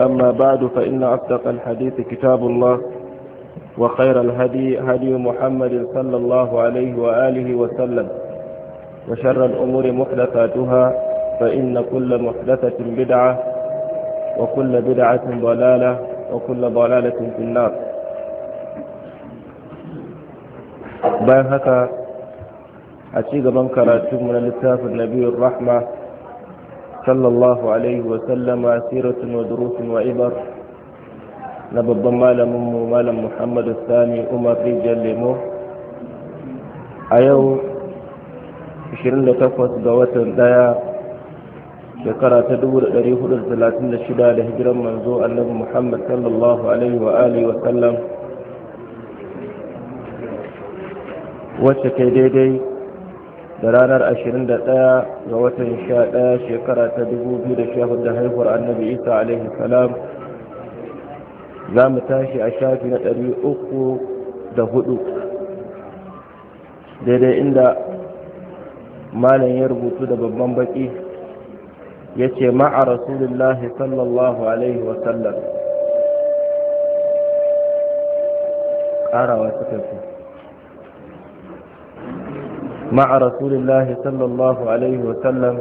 أما بعد فإن أصدق الحديث كتاب الله وخير الهدي هدي محمد صلى الله عليه وآله وسلم وشر الأمور محدثاتها فإن كل محدثة بدعة وكل بدعة ضلالة وكل ضلالة في النار باهك أشيغ من كراتم من لتاف النبي الرحمة صلى الله عليه وسلم سيرة ودروس وعبر نبب مالا ممو مالا محمد الثاني أمر رجال لمو أيو 28 ga watan daya shekara ta 436 da hijiran manzo annabi Muhammad sallallahu alaihi wa wa sallam wacce kai daidai da ranar 21 ga watan 11 shekara ta 2014 da haihuwar annabi isa alaihi salam za mu tashi a shafi na 304 daidai inda malam ya rubutu da babban baki ya ce ma'a rasulullahi sallallahu alaihi wasallam ƙarawa suka fi ma'a rasulillahi sallallahu alaihi wasallam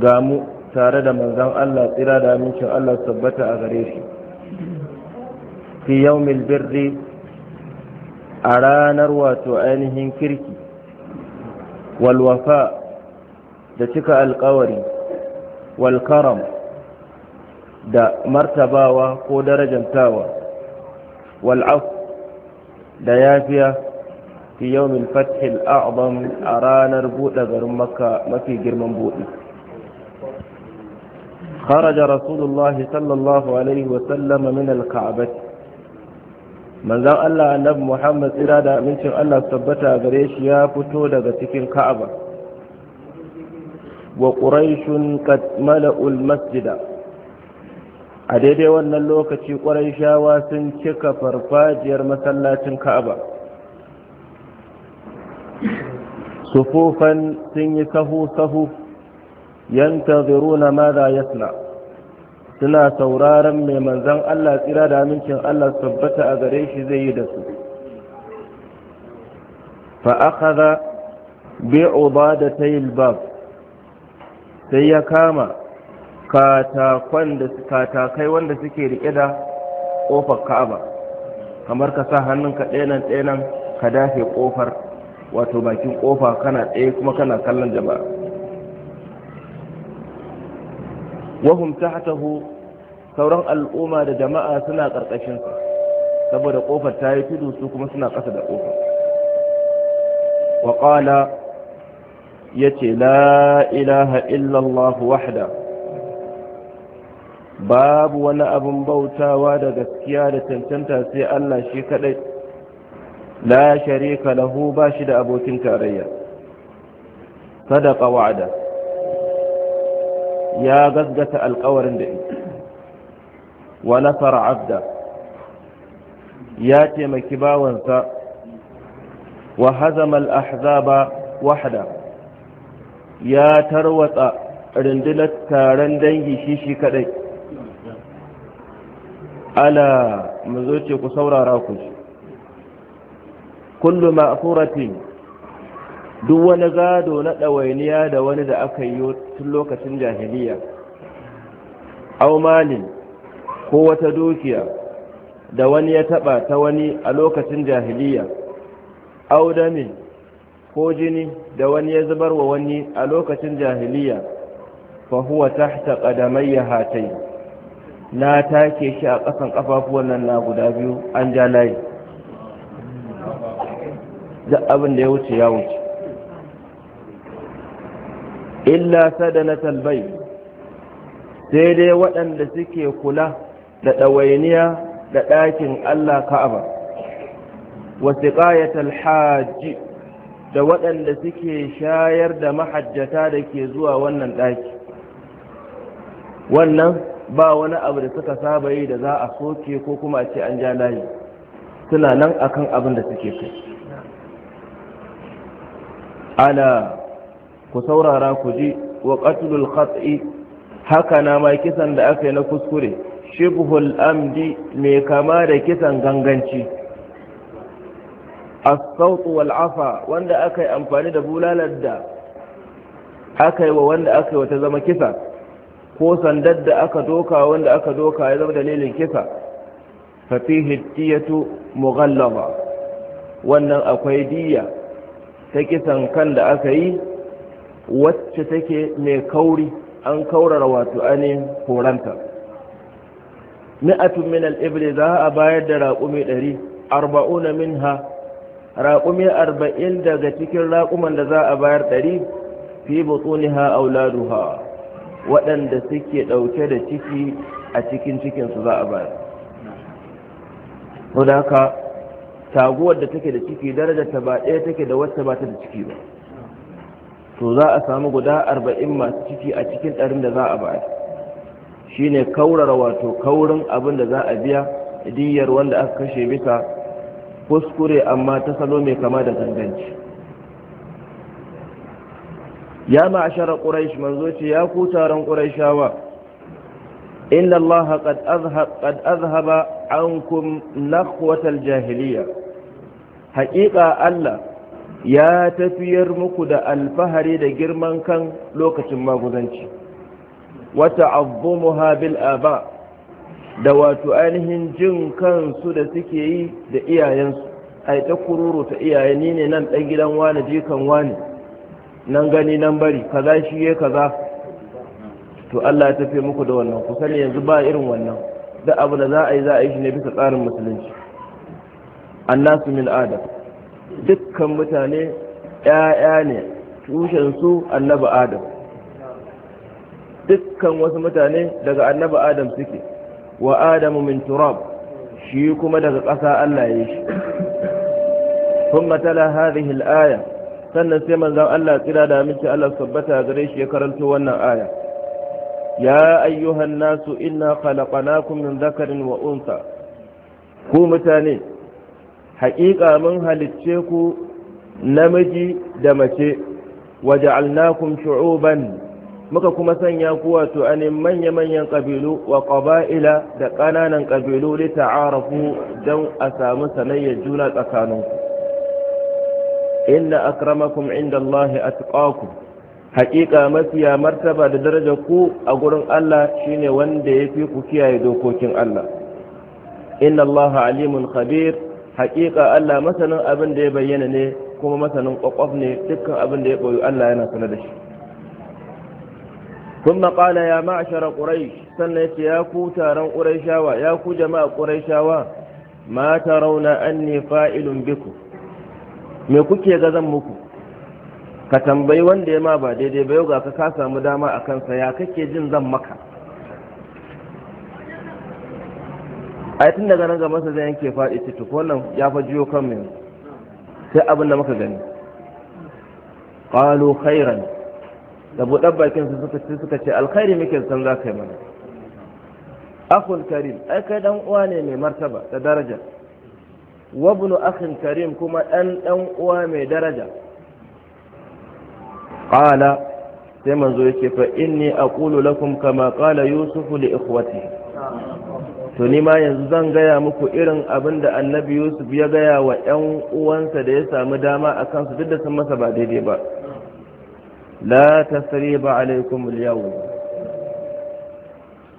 ga mu tare da manzon Allah tsira da amincin Allah tabbata a gare shi fi yawmil birri a ranar wato ainihin kirki walwafa da cika alkawari walkaram da martabawa ko darajantawa wal'af da yafiya fi yawmin fathil a'zam a ranar buɗe garin makka mafi girman buɗe خرج رسول الله صلى الله عليه وسلم من الكعبة من ذا الله النبي محمد إرادة من شر الله ثبت غريش يا فتودة تكين كعبة وقريش قد ملأوا المسجد a daidai wannan lokaci ƙwarai sun cika farfajiyar masallacin ka'aba sufufan sun yi sahu-sahu yantaziruna madha yasna suna sauraron mai manzon Allah tsira da amincin Allah tabbata a gare shi zai yi da su fa akhadha bi ubadatay albab sai ya kama katakon katakai wanda suke riƙe da ƙofar Ka'aba kamar ka sa hannunka ɗaya nan ka dafe ƙofar. wato bakin kofa kana ɗaya kuma kana kallon jama'a wahum tahtahu sauran al'umma da jama'a suna karkashin sa saboda kofar ta yi tudu su kuma suna ƙasa da kofa wa qala yace la ilaha illa allah wahda babu wani abin bautawa da gaskiya da tantanta, sai Allah shi kadai la sharika lahu ba shi da abokin tarayya sadaqa wa'ada ya gasgata alƙawarin da wa nasara abda ya taimaki bawansa wa hazama al-ahzaba wahda ya tarwatsa rundunar taron dangi shi shi kadai ala mu zo ce ku saurara ku shi kullu ma'thuratin duk wani gado na ɗawainiya da wani da aka yi tun lokacin jahiliya aw malin ko wata dukiya da wani ya taba ta wani a lokacin jahiliya aw ko jini da wani ya zubar wa wani a lokacin jahiliya fa huwa tahta qadamayya hatayn na take shi a ƙasan ƙafafuwan nan na guda biyu an ja layi da abin da ya wuce ya wuce illa sadanatal bai sai dai waɗanda suke kula da ɗawainiya da ɗakin Allah ka'aba wasu ƙayatar hajji da waɗanda suke shayar da mahajjata da ke zuwa wannan ɗaki wannan ba wani abu da suka saba yi da za a soke ko kuma a ce an ja layi suna nan akan abin da suke kai ala ku saurara ku ji wa qatlul khati haka na ma kisan da aka yi na kuskure shibhul amdi mai kama da kisan ganganci a sautu wal afa wanda aka yi amfani da bulalar da aka yi wa wanda aka yi wata zama kisa ko sandar da aka doka wanda aka doka ya zama dalilin kisa fa fihi diyatu mughallaba wannan akwai diya ta kisan kan da aka yi wacce take mai kauri an kaurara wato ainihin horanta mi'atun min al'ibli za a bayar da raƙumi ɗari arba'una min ha raƙumi arba'in daga cikin raƙuman da za a bayar ɗari fi butsuni ha auladu ha waɗanda suke ɗauke da ciki a cikin cikinsu za a bayar. taguwar da take da ciki darajar ta ba ɗaya take da wacce ba ta da ciki ba to za a samu guda arba'in masu ciki a cikin ɗarin da za a ba shi ne kaurara wato kaurin abin da za a biya diyar wanda aka kashe bisa kuskure amma ta salo mai kama da ganganci ya shara ƙuraish manzo ce ya ku taron ƙuraishawa inna allaha an azhaba na kuwatar jahiliya haƙiƙa Allah ya tafiyar muku da alfahari da girman kan lokacin maguzanci wata abu bil aba da wato ainihin jin kansu da suke yi da iyayensu ai ta kururu ta iyaye ni ne nan ɗan gidan wani jikan wani nan gani nan bari kaza shi ya kaza to Allah ya tafi muku da wannan ku sani yanzu ba irin wannan da abu da za a yi za a yi shi ne bisa tsarin musulunci annasu min adam dukkan mutane ‘ya'ya ne tushensu annaba adam dukkan wasu mutane daga annaba adam suke wa adamu min turab shi kuma daga ƙasa Allah ya shi sun matala hadhihi al'aya sannan sai manzan Allah tsira da miki Allah sabbata gare shi ya karanto wannan aya ya ayyuhan nasu inna khalaqnakum min dhakarin wa unsa ku mutane haƙiƙa mun halicce ku namiji da mace waja'alnakum shu'uban muka kuma sanya ku wato anin manya-manyan ƙabilu wa ƙaba'ila da ƙananan ƙabilu li ta'arafu don a samu sanayyar juna tsakaninku inna akramakum inda Allahi atqakum haƙiƙa mafiya martaba da daraja ku a gurin Allah shine wanda ya fi ku kiyaye dokokin Allah inna Allaha alimun khabir haƙiƙa Allah masanin abin da ya bayyana ne kuma masanin ƙwaƙwaf ne dukkan abin da ya ɓoyi Allah yana sana da shi kun maƙala ya ma'ashara ƙurai sannan ya ce ya ku taron shawa ya ku jama'a shawa ma ta rauna an ne fa'ilun biku me kuke ga zan muku ka tambayi wanda ya ma ba daidai ba yau ga ka ka samu dama a kansa ya kake jin zan maka a tun daga nan gabansa zai yanke faɗi ko wannan ya fa jiyo kan mai sai abin da muka gani qalu khairan da buɗar bakin su suka ce suka ce alkhairi muke san za ka yi mana akhul karim ai kai dan uwa ne mai martaba da daraja wa ibnu akhin karim kuma ɗan ɗan uwa mai daraja Ƙala, sai manzo yake fa inni aqulu lakum kama qala Yusufu li ikhwatihi to ni ma yanzu zan gaya muku irin abin da annabi yusuf ya gaya wa 'yan uwansa da ya samu dama a kansu duk da sun masa ba daidai ba la tasriba alaikum al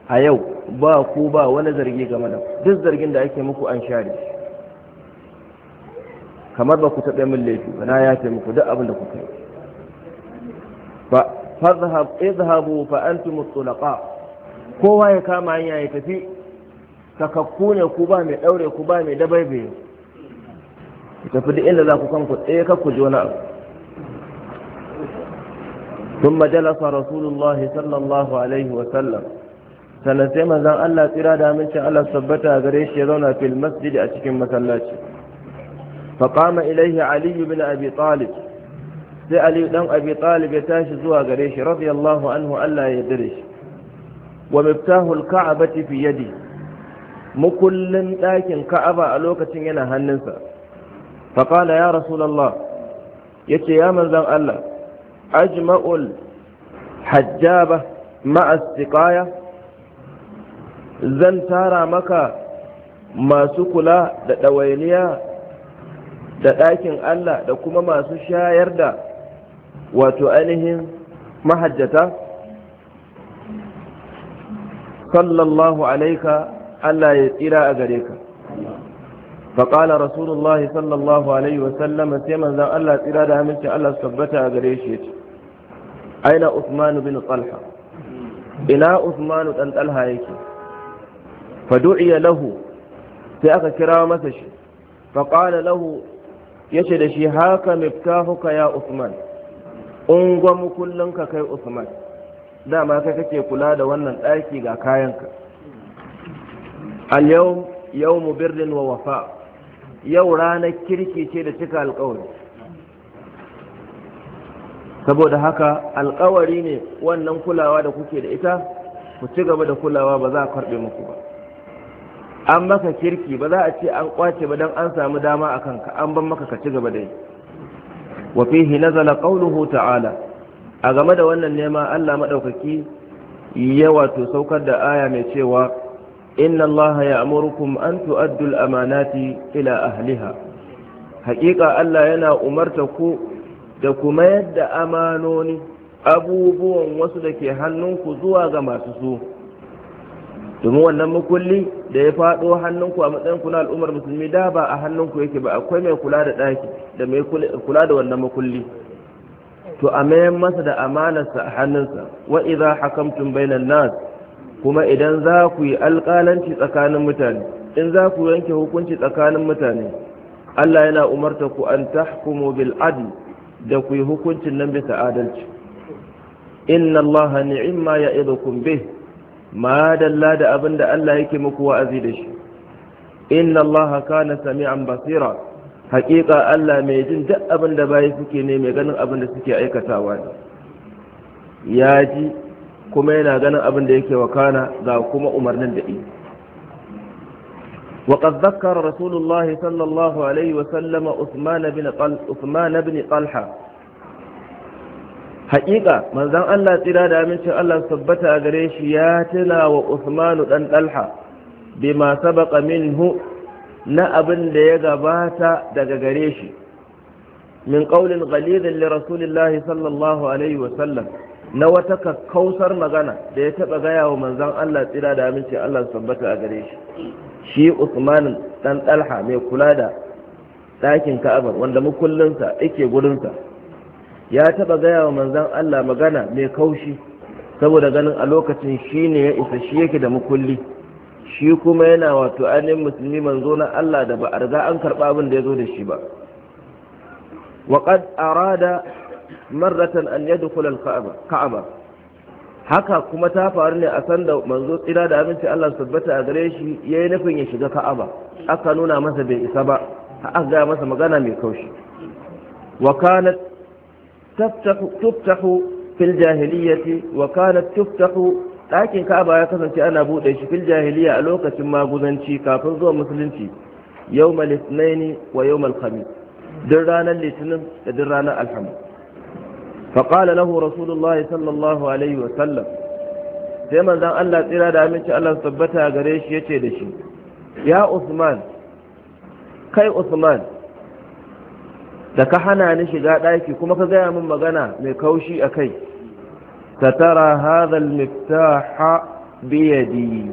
a yau ba ku ba wani zargi game da duk zargin da ake muku an share kamar ba ku taɓa min laifi ba na yafe muku duk abin da kai ba fa fadhhab idhabu fa antum mutlaqa kowa ya kama hanya ya tafi sakakku ne ku ba mai daure ku ba mai dabaibaye tafi duk inda za ku kanku tsaye ka ji wani abu ثم جلس رسول الله صلى الله عليه وسلم Allah tsira da amincin Allah sabbata a gare shi ya zauna fil masjidi a cikin masallaci faqama ilaihi Aliyu ibn abi talib sai Aliyu dan abi talib ya tashi zuwa gare shi radiyallahu anhu Allah ya dare shi wa miftahu al-ka'bati mukullin ɗakin ka'aba a lokacin yana hannunsa faƙala ya rasulallah ya ce ya manzan Allah ajma'ul hajjaba ma'astiƙaya zan tara maka masu kula da ɗawainiya da ɗakin Allah da kuma masu shayar da wato ainihin mahajjata sallallahu alaika Allah ya tsira a gare ka faƙala rasulullah sallallahu alaihi wasallam sai manzan Allah tsira da aminci Allah su tabbata a gare shi yace aina Uthman bin Talha ina Uthman dan Talha yake lahu sai aka kira masa shi faƙala lahu yace da shi haka miftahuka ya Uthman ungwa mukullin ka kai Usman. dama kai kake kula da wannan ɗaki ga kayanka al-yawm yawmu birrin wa wafa yau ranar kirki ce da cika alkawari saboda haka alkawari ne wannan kulawa da kuke da ita ku ci gaba da kulawa ba za a karbe muku ba an maka kirki ba za a ce an kwace ba don an samu dama a kanka an ban maka ka ci gaba da yi wa fihi nazala qawluhu ta'ala a game da wannan nema Allah madaukaki ya wato saukar da aya mai cewa inna ya amurkum an tu'addu al-amanati ila ahliha haqiqa Allah yana umarta ku da kuma yadda amanoni abubuwan wasu da ke hannunku zuwa ga masu su domin wannan mukulli da ya faɗo hannunku a matsayin kuna al'ummar musulmi da ba a hannunku yake ba akwai mai kula da ɗaki da mai kula da wannan mukulli to a masa da amanarsa a hannunsa wa idza hakamtum bainan nas kuma idan za ku yi alƙalanci tsakanin mutane in za ku yanke hukunci tsakanin mutane Allah yana umarta ku an tahkumu bil adl da ku yi hukuncin nan bisa adalci inna Allah ni'imma ya'idukum bih ma dalla da abin da Allah yake muku wa'azi da shi inna Allah kana sami'an basira haƙiƙa Allah mai jin duk abin da bayi suke ne mai ganin abin da suke aikatawa ne ya ji kuma yana ganin abin da yake wakana ga kuma umarnin da yi وقد ذكر رسول الله صلى الله عليه وسلم عثمان بن طل... عثمان بن طلحه حقيقه da amincin Allah tabbata a gare shi ya tila wa Uthman dan Talha bima sabaqa na abin da ya gabata daga gare shi min qawlin ghalidin li rasulillahi sallallahu na wata kakkausar magana da ya taɓa gaya wa manzan Allah tsira da aminci Allah su a gare shi shi Usman dan Talha mai kula da ɗakin Ka'aba wanda mukullinsa yake gurinsa ya taɓa gaya wa manzan Allah magana mai kaushi saboda ganin a lokacin shi ne ya isa shi yake da mukulli shi kuma yana wato ainihin musulmi manzo na Allah da ba a riga an karɓa abin da ya zo da shi ba وقد أراد marratan an yadkhul al-ka'aba haka kuma ta faru ne a sanda manzo tsira da abinci Allah su tabbata a gare shi yayi nufin ya shiga ka'aba aka nuna masa bai isa ba aka ga masa magana mai kaushi wa kanat tuftahu fil jahiliyyati wa kanat tuftahu ɗakin ka'aba ya kasance ana buɗe shi fil jahiliya a lokacin maguzanci kafin zuwa musulunci yawmal ithnaini wa yawmal khamis duk ranar litinin da duk ranar alhamis فقال له رسول الله صلى الله عليه وسلم sai manzon Allah tsira da aminci Allah tabbata gare shi yace da shi ya Usman kai Usman da ka hana ni shiga ɗaki kuma ka gaya min magana mai kaushi a kai ta tara al-miftah bi yadi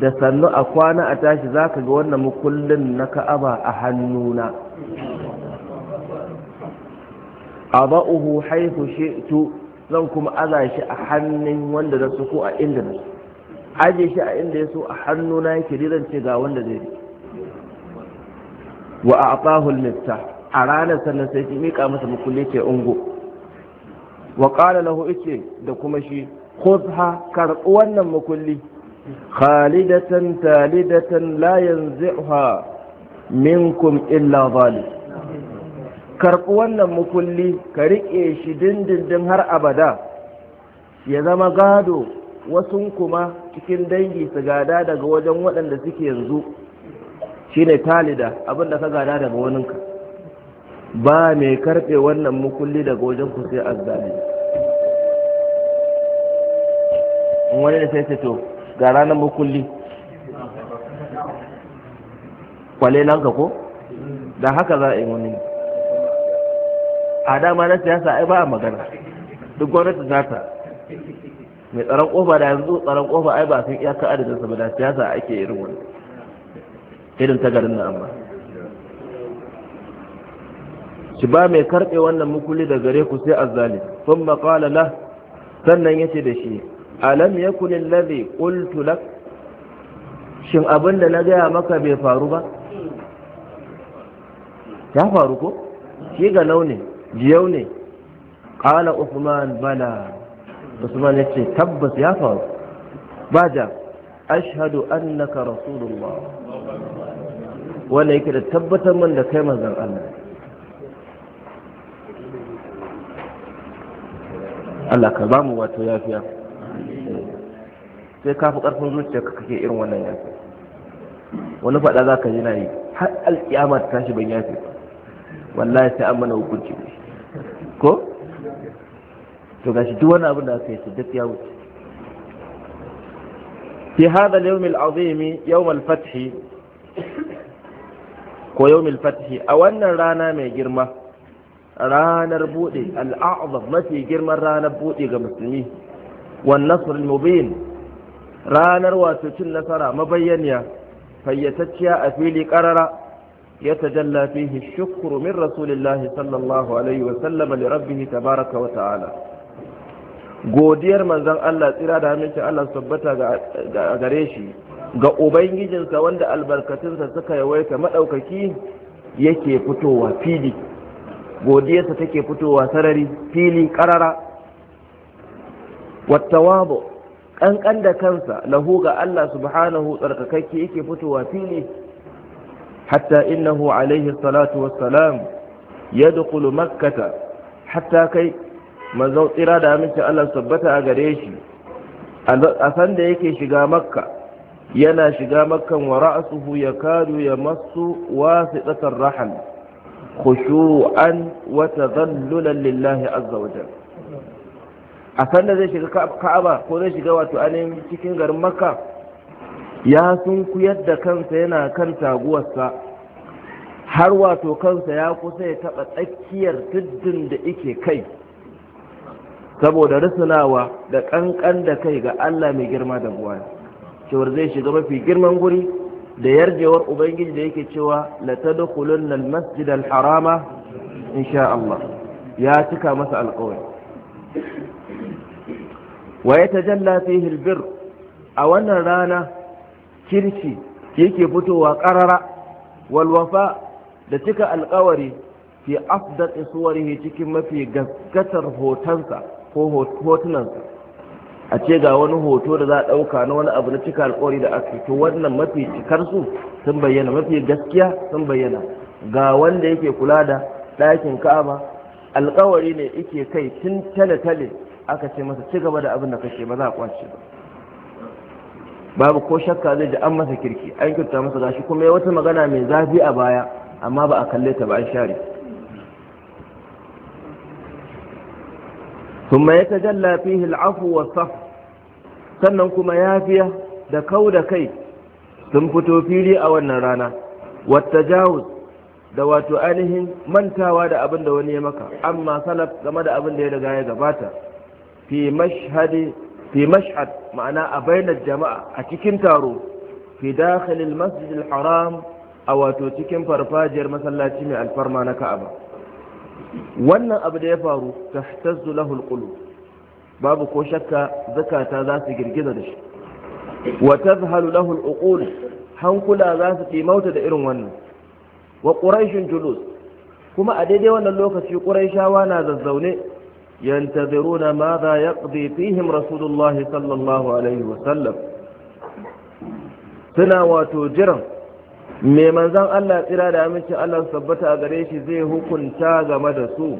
da sannu a kwana a tashi zaka ga wannan mukullin na ka'aba a hannuna qada'uhu haythu shi'tu zan kuma aza shi a hannun wanda na su ko a inda na su, aje shi a inda ya so a hannuna yake zan ce ga wanda zai yi wa a'tahu al mifta a ranar sannan sai ki mika masa mukulle ce ungo wa qala lahu ice da kuma shi khudha karbu wannan mukulli khalidatan talidatan la yanzihha minkum illa zalim karɓi wannan mukulli ka riƙe shi dindindin har abada ya zama gado wasu kuma cikin dangi su gada daga wajen waɗanda suke yanzu shi ne talida abinda ka gada daga waninka ba mai karɓe wannan mukulli daga wajen ku sai azzali wani da sai ce to ga ranar mukulli kwale nan ka ko da haka za a yi wani a dama na siyasa ai ba a magana duk gwamnati za ta mai tsaron kofa da yanzu tsaron kofa ai ba sun iyaka adadin ba da siyasa ake irin wani irin ta garin na amma shi ba mai karɓe wannan mukuli da gare ku sai azzali sun maƙala la sannan ya ce da shi alam ya kunin lazi ƙultu lak shin abin da na gaya maka bai faru ba ya faru ko shi ga launin jiyau ne ƙala Usman bala Usman ya ce tabbas ya faru ba da ashhadu annaka rasulullah wannan yake da tabbatar man da kai manzan Allah Allah ka ba mu wato yafiya sai ka ƙarfin zuciya ka kake irin wannan yafi wani faɗa za ka yi na yi har ta tashi ban yafi wallahi sai an mana hukunci ko to gashi duk wani abin da aka yi duk ya wuce fi hada yawm al azimi yawm al-fath ko yawm al-fath a wannan rana mai girma ranar bude al-a'zam mafi girman ranar bude ga musulmi wan nasr al-mubin ranar wato cin nasara mabayyaniya fayyatacciya a fili karara يتجلى فيه الشكر من رسول الله صلى الله عليه وسلم لربه تبارك وتعالى godiyar manzon Allah tsira da hannunci Allah sabbata ga gare shi ga ubangijinsa wanda albarkatunsa suka yawaita madaukaki yake fitowa fili godiyarsa take fitowa sarari fili karara wattawabo ƙanƙan da kansa lahu ga Allah subhanahu tsarkakakke yake fitowa fili حتى إنه عليه الصلاة ya يدخل Makkata, hatta kai manzon da aminci Allah sabbata a gare shi a san yake shiga makka yana shiga makkan wa ra'asuhu ya kadu ya masu wasiɗatar rahal khushu'an wa tadhallulan lillahi azza a san zai shiga ka'aba ko zai shiga wato ainihin cikin garin makka ya sunkuyar da kansa yana kan taguwarsa har wato kansa ya kusa ya taɓa tsakiyar tuddin da ike kai saboda rusunawa da ƙanƙan da kai ga Allah mai girma da buwaya cewar zai shiga mafi girman guri da yarjewar ubangiji da yake cewa la kulun al-masjid al-harama insha Allah ya cika masa alƙawari wa yatajalla fihi al bir a wannan rana kirki yake fitowa ƙarara walwafa da cika alkawari fi afdal suwarihi cikin mafi gaskatar hotonsa ko hotunansa a ce ga wani hoto da za a ɗauka na wani abu na cika alƙawari da aka to wannan mafi cikarsu sun bayyana mafi gaskiya sun bayyana ga wanda yake kula da ɗakin ka'aba alkawari ne yake kai tun tale-tale aka ce masa ci gaba da abin da kake ba za a kwace ba babu ko shakka zai ji an masa kirki an kirta masa gashi kuma ya wata magana mai zafi a baya amma ba a kalle ta ba an share kuma ya tajalla fihi al'afu wa saf sannan kuma yafiya da kau da kai sun fito fili a wannan rana wa jawuz da wato ainihin mantawa da abin da wani ya maka amma salaf game da abin da ya riga ya gabata fi mashhadi fi mash'ad ma'ana a bainar jama'a a cikin taro fi dakhilil masjidil haram a wato cikin farfajiyar masallaci mai alfarma na ka'aba wannan abu da ya faru tahtazzu lahul qulub babu ko shakka zakata za su girgiza da shi wa tazhalu lahul uqul hankula za su kimauta da irin wannan wa quraishun julus kuma a daidai wannan lokaci quraishawa na zazzaune ينتظرون ماذا يقضي فيهم رسول الله صلى الله عليه وسلم suna wato jiran me manzan Allah tsira da aminci Allah sabbata a gare shi zai hukunta game da su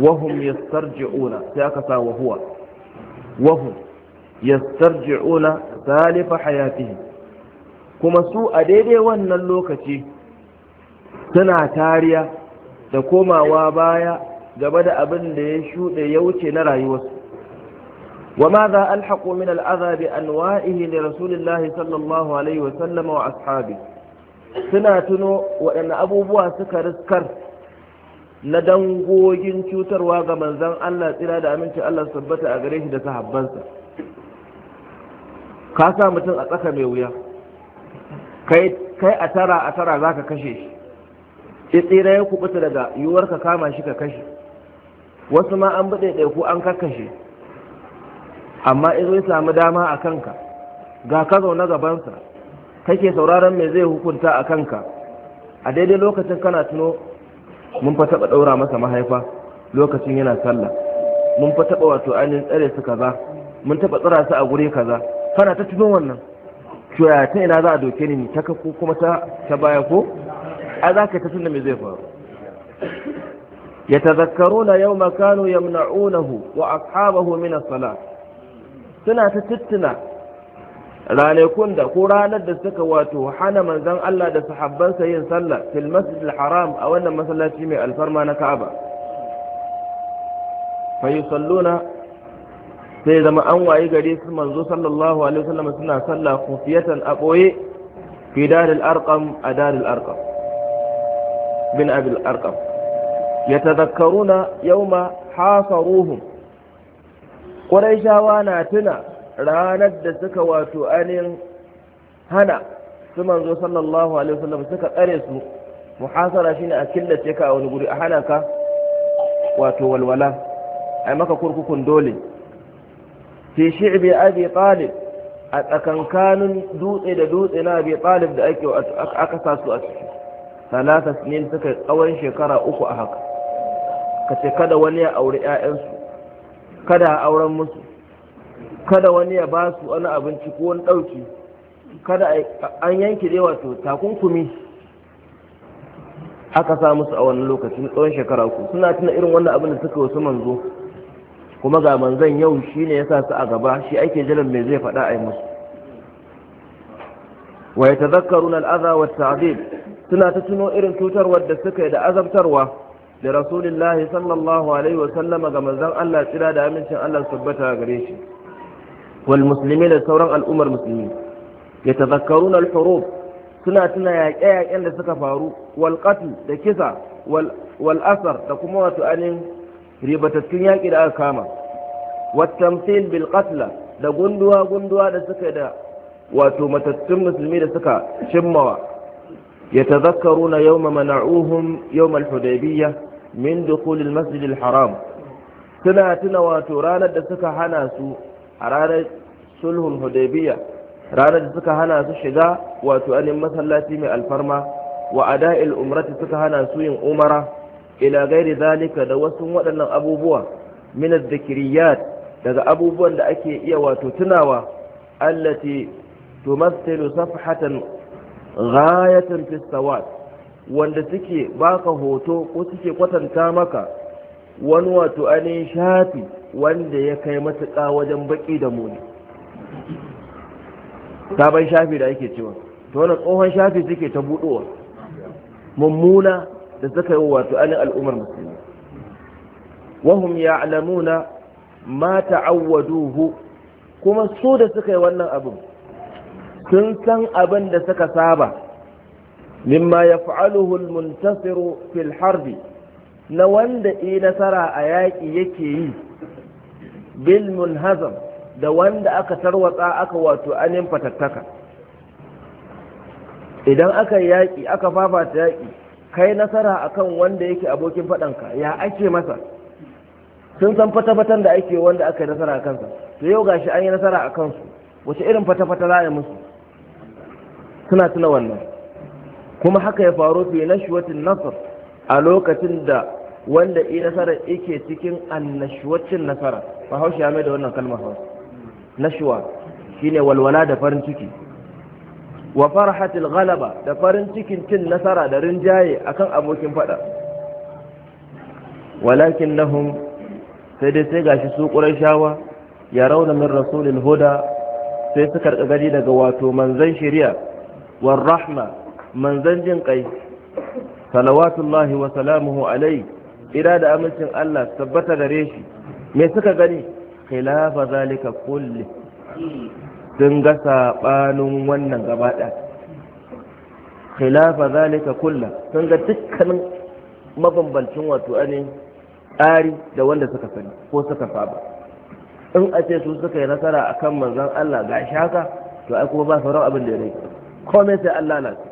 wahum yastarji'una sai aka sa wa huwa wahum yastarji'una salifa hayatihi kuma su a daidai wannan lokaci suna tariya da komawa baya game da abin da ya shuɗe ya wuce na rayuwarsu wa ma za alhaƙo min al'adha bi anwa'ihi da rasulillahi sallallahu alaihi wa wa ashabi suna tuno waɗanne abubuwa suka riskar na dangogin cutarwa ga manzon Allah tsira da aminci Allah sabbata a gare shi da sahabbansa ka sa mutum a tsaka mai wuya kai a tara a tara zaka kashe shi ya tsira ya kubuta daga yiwuwar ka kama shi ka kashe wasu ma an buɗe ɗaiku an kakashe amma izo ya samu dama a kanka ga ka zaune gabansa kake sauraron me zai hukunta a kanka a daidai lokacin kana tuno mun fa taɓa ɗaura masa mahaifa lokacin yana sallah mun fa taɓa wato ainihin tsare su kaza mun taɓa tsara su a guri kaza kana ta tuno wannan ya ta ina za a doke ni ta ko kuma ta baya ko ai za ka ta tuno me zai faru yatazakkaruna yawma kanu yamna'unahu wa ashabahu min as-salah suna ta tittuna ranakun da ko ranar da suka wato hana manzon Allah da sahabbansa yin sallah fil masjid al-haram a wannan masallaci mai alfarma na Ka'aba fa yusalluna sai zama an wayi gare su manzo sallallahu alaihi wasallam suna sallah khufiyatan a boye fi daril arqam a daril arqam bin abil arqam ma yawma hasaruhum quraishawa na tuna ranar da suka wato anin hana su manzo sallallahu alaihi wasallam suka tsare su muhasara shine a killace ka a wani guri a hana ka wato walwala ai maka kurkukun dole fi shi'bi abi talib a tsakankanin dutse da dutse na abi talib da ake aka sa su a ciki talata sinin suka tsawon shekara uku a haka ka ce kada wani ya auri 'ya'yansu kada a auren musu kada wani ya ba su wani abinci ko wani ɗauki kada an yanke dai wato takunkumi aka sa musu a wani lokaci tsawon shekara ku suna tuna irin wannan abin da suka wasu manzo kuma ga manzan yau shi ne ya sa su a gaba shi ake jiran mai zai faɗa a yi musu wa ya na al'aza wa suna ta tuno irin cutarwar da suka yi da azabtarwa da rasulillahi sallallahu alaihi wasallama ga manzon Allah tsira da amincin Allah tabbata gare shi wal muslimi da sauran al'ummar musulmi ya tazakkaruna al-huruf suna tuna yaƙe-yaƙen da suka faru wal da kisa wal asar da kuma wato anin ribatattun yaƙi da aka kama wat tamthil bil qatla da gunduwa gunduwa da suka da wato matattun musulmi da suka shimmawa ya tazakkaruna yawma mana'uhum yawmal hudaybiyah min dukhulil masjidil haram suna tuna wato ranar da suka hana su a ranar sulhun hudaybiya ranar da suka hana su shiga wato anin masallaci mai alfarma wa ada'il umrati suka hana su yin umara ila gairi zalika da wasu waɗannan abubuwa min adh daga abubuwan da ake iya wato tunawa allati tumathilu safhatan ghayatan fi wanda suke baka hoto ko suke kwatanta maka wani wato ainihin shafi wanda ya kai matuƙa wajen baƙi da muni sabon shafi da ake cewa ta wani tsohon shafi suke ta buɗowa mummuna da suka yi wato ainihin al'ummar musulmi wahum ya'lamuna ma ta'awwaduhu kuma su da suka yi wannan abin sun san abin da suka saba mimma yaf'aluhu al-muntasiru fil harbi na wanda yi nasara a yaƙi yake yi bil munhazam da wanda aka tarwatsa aka wato anin fatattaka idan aka yaƙi aka fafata yaƙi kai nasara akan wanda yake abokin faɗanka ya ake masa sun san fata-fatan da ake wanda aka yi nasara a kansa to yau gashi an yi nasara a kansu wace irin fata-fata za a yi musu suna tuna wannan kuma haka ya faru fi nashwatin nasr a lokacin da wanda iya nasara yake cikin annashwacin nasara ba haushi ya da wannan kalmar hausa nashwa shine walwala da farin ciki wa farhatil ghalaba da farin cikin cin nasara da rinjaye akan abokin fada walakin nahum sai dai sai gashi su qurayshawa ya rauna min rasulil huda sai suka gari daga wato manzan shari'a war rahma manzan jin kai salawatullahi wa salamuhu alai ira da amincin Allah tabbata gare shi me suka gani khilafa zalika kulli sun ga sabanin wannan gaba khilafa zalika kulla sun ga dukkanin mabambancin wato ne tsari da wanda suka sani ko suka saba in a ce su suka yi nasara akan manzan Allah ga shaka to ai kuma ba sauran abin da ya rai komai sai Allah na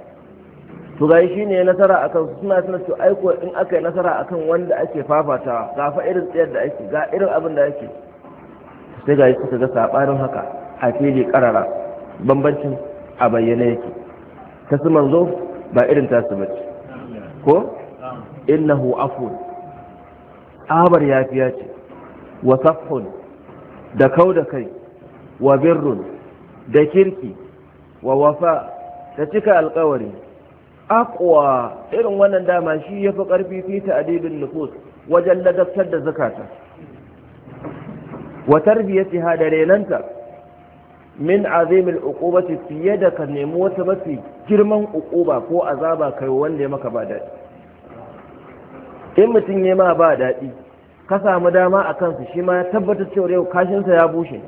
to ga shi ne nasara akan su suna suna su aiko in aka yi nasara akan wanda ake fafatawa ga fa irin tsayar da ake ga irin abin da ake sai ga suka ga sabanin haka a fili karara bambancin a bayyana yake ta su manzo ba irin ta su bace ko innahu afun abar yafiya ce wa safhun da kau da kai wa birrun da kirki wa wafa da cika alkawari aqwa irin wannan dama shi yafi karfi fi ta'dilin nufus wajen ladabtar da zakata wa tarbiyatiha da renanta min azimil uqubati fiye da ka nemi wata mafi girman uquba ko azaba kai wanda ya maka ba dadi. in mutum ya ma ba daɗi ka samu dama a kansu shi ma ya tabbatar cewa yau kashinsa ya bushe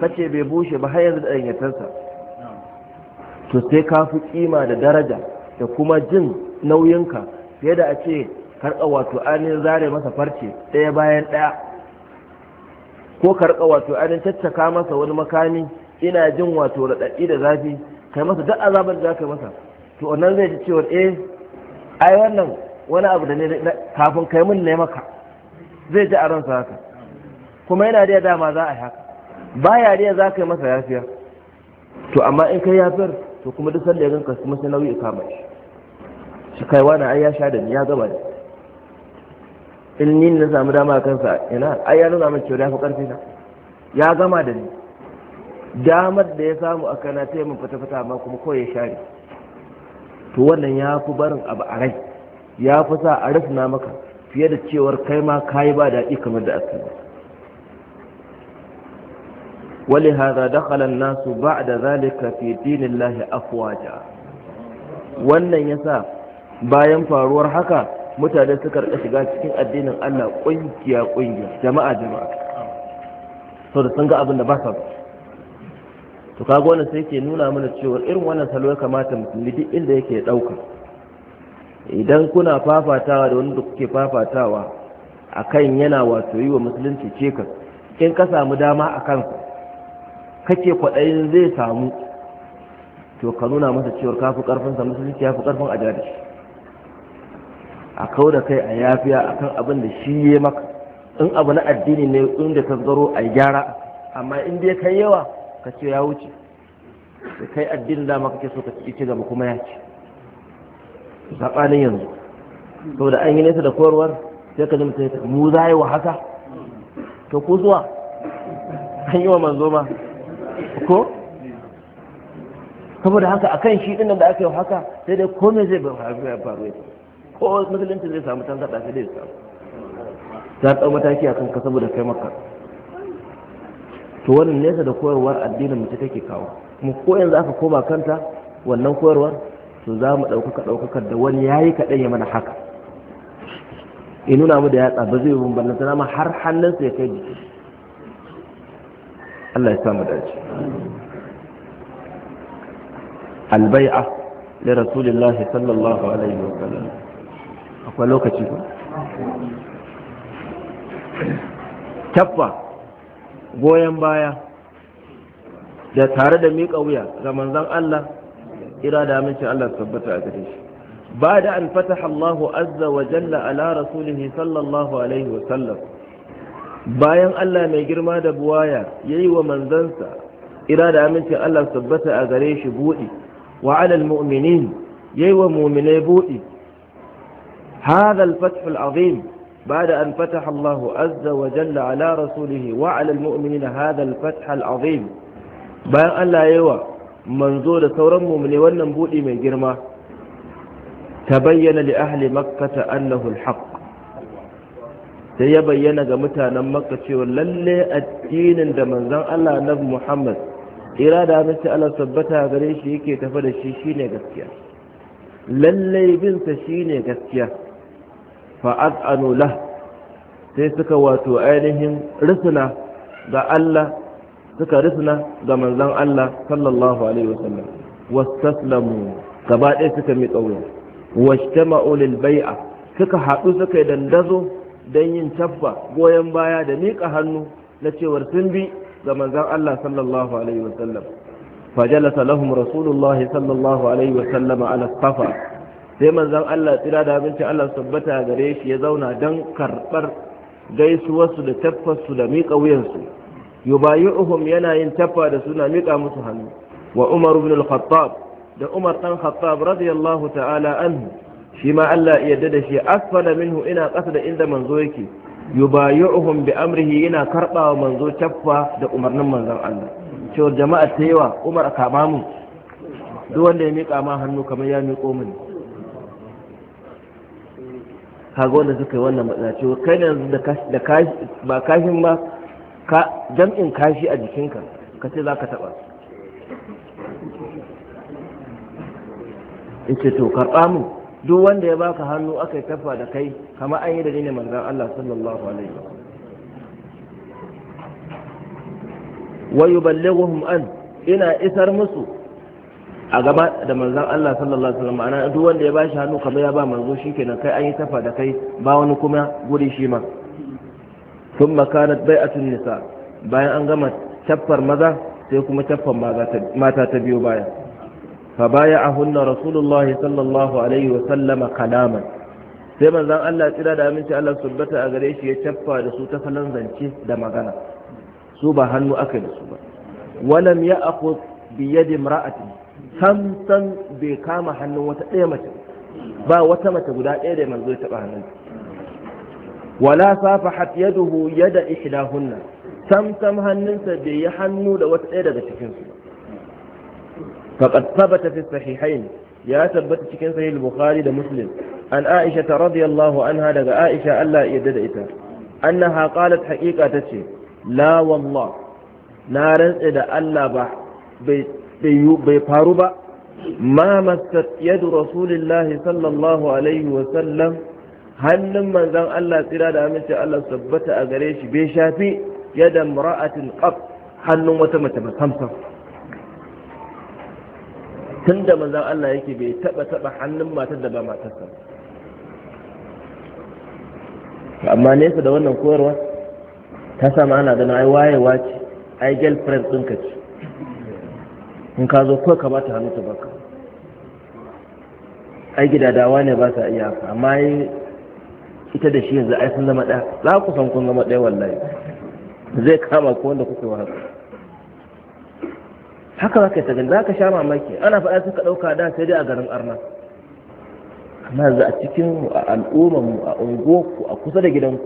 kace bai bushe ba har yanzu da ɗanyatarsa to sai ka fi kima da daraja da kuma jin nauyinka fiye da a ce karɓa wato ainihin zare masa farce ɗaya bayan ɗaya ko karɓa wato ainihin caccaka masa wani makami ina jin wato raɗaɗi da zafi kai masa duk azabar da kai masa to wannan zai ji cewa eh ai wannan wani abu da ne kafin kai mun ne maka zai ji a ransa haka kuma yana da dama za a yi haka baya da za kai masa yafiya to amma in kai yafiyar to kuma duk sanda ya ganka kuma sai nauyi kama shi shi kai wani ai ya sha da ni ya gaba ne in ni na samu dama a kansa ina ai ya nuna min cewa ya fi karfi na ya gama da ni damar da ya samu a kana ta yi min fata-fata amma kuma kawai ya share to wannan ya fi barin abu a rai ya fi sa a na maka fiye da cewar kai ma kayi ba da kamar da aka yi ولهذا دخل الناس بعد ذلك في دين الله أفواجا wannan yasa bayan faruwar haka mutane suka rika shiga cikin addinin Allah kungiya kungiya jama'a jama'a to da sun ga abin da ba sa to kaga wannan sai ke nuna mana cewa irin wannan salo ya kamata musulmi duk inda yake dauka idan kuna fafatawa da wanda kuke fafatawa akan yana wato yi wa musulunci cekar kin ka samu dama a kansa kake kwaɗayin zai samu to ka nuna masa cewar kafi ƙarfin sa musulunci ya fi ƙarfin a jari a kawo da kai a yafiya akan abin da shi ya maka in abu na addini ne inda ka zaro a gyara amma in dai kai yawa ka ce ya wuce da kai da dama ke so ka ci gaba kuma ya ci zaɓanin yanzu da an yi nesa da korwar sai ka ji mutum mu za yi wa haka to ku zuwa an yi wa manzo ma ko saboda haka akan shi ɗin da aka yi haka sai dai komai zai faru ya faru ko musulunci zai samu tangarda sai dai samu ta ɗau mataki a kanka saboda kai maka to wani nesa da koyarwar addinin mace take kawo mu ko yanzu aka koma kanta wannan koyarwar to za mu ɗaukaka ɗaukakar da wani ya yi kaɗan ya mana haka in nuna mu da yatsa ba zai yi bambanta ma har hannunsa ya kai jiki Allah ya samu dace albai'a li rasulillahi sallallahu alaihi wa sallam akwai lokaci ba. tabba goyen baya da tare da miƙa wuya ga manzon Allah ira da amincin Allah tabbata a gare shi ba da an fataha Allahu azza wa jalla ala rasulihi sallallahu alaihi wa sallam bayan Allah mai girma da buwaya ya yi wa manzansa ira da amincin Allah tabbata a gare shi buɗi wa alal mu'minin ya yi wa mu'minai buɗi هذا الفتح العظيم بعد أن فتح الله عز وجل على رسوله وعلى المؤمنين هذا الفتح العظيم بأن ألا يوى منظور ثورا مؤمن والنبوء من جرمة تبين لأهل مكة أنه الحق sai ya bayyana ga mutanen makka cewa lalle addinin da manzon Allah na Muhammad ira da mace Allah sabbata gare shi yake tafi da shi shine gaskiya lalle bin ta shine gaskiya fa azanu lah sai suka wato ainihin risna ga Allah suka risna ga manzon Allah sallallahu alaihi wasallam wastaslamu gaba ɗaya suka mi tsawo wajtama'u lil bai'a suka haɗu suka yi dandazo don yin tabba goyon baya da miƙa hannu na cewar sun bi ga manzan Allah sallallahu alaihi wasallam fajalasa lahum rasulullahi sallallahu alaihi wasallam ala safa sai manzan Allah tsira da abinci Allah tabbata gare shi ya zauna don karɓar gaisuwarsu da su da miƙa wuyansu uhum yana yin tabba da suna miƙa musu hannu wa Umar ibn al-Khattab da Umar dan Khattab radiyallahu ta'ala anhu shi ma Allah ya yarda da shi asfala minhu ina ƙasa da inda manzo yake yubayuhum bi amrihi ina karba wa manzo taffa da umarnin manzon Allah cewa jama'a ta yawa Umar kama mu duk wanda ya miƙa ma hannu kamar ya miƙo mu kaga wanda suka yi wannan matsala cewa kai yanzu da ba kashin ba ka jam'in kashi a jikinka ka ce za ka taɓa yace to karɓa mu duk wanda ya baka hannu aka yi tafa da kai kama an yi da ne manzan Allah sallallahu alaihi wa wa yuballighuhum an ina isar musu a gaba da manzan Allah sallallahu alaihi wasallam ma'ana duk wanda ya bashi hannu kamar ya ba manzo shikenan kai an yi tafa da kai ba wani kuma guri shi ma thumma kanat bai'atun nisa bayan an gama taffar maza sai kuma taffar mata ta biyo baya فبايعهن رسول الله صلى الله عليه وسلم كلاما sai manzon Allah tsira da aminci Allah bata a gare shi ya caffa da su ta salon zance da magana su ba hannu aka da su ba walam ya aku biyadi imra'atin samsan bai kama hannun wata ɗaya mace ba wata mace guda ɗaya da manzo ya taɓa hannun wala safahat yaduhu yada ihdahunna samsam hannunsa bai yi hannu da wata ɗaya daga cikinsu faqad thabata fi sahihayn ya tabbata cikin sahih al-bukhari da muslim an aisha radiyallahu anha daga aisha Allah ya dada ita annaha qalat haqiqa tace la wallah na rantsa da Allah ba bai faru ba ma masat yadu rasulillahi sallallahu alaihi wa sallam hannun manzon Allah tsira da aminci Allah sabbata a gare shi bai shafi yadan ra'atin qab hannun wata mace ba samsam tun da manzan Allah yake bai taba taba hannun matar da ba matarsa amma nesa da wannan koyarwa ta sami ana ganin ai wayewa ce ai girlfriend ɗinka ce in ka zo kawai ka bata hannu ta baka ai gidadawa ne ba sa iya amma ita da shi yanzu ai sun zama ɗaya za ku san kun zama ɗaya wallahi zai kama ko wanda kuke wa haka haka za ka yi ta gani za ka sha mamaki ana faɗa suka ɗauka da sai dai a garin arna amma yanzu a cikin al'ummar a unguwarku a kusa da gidanku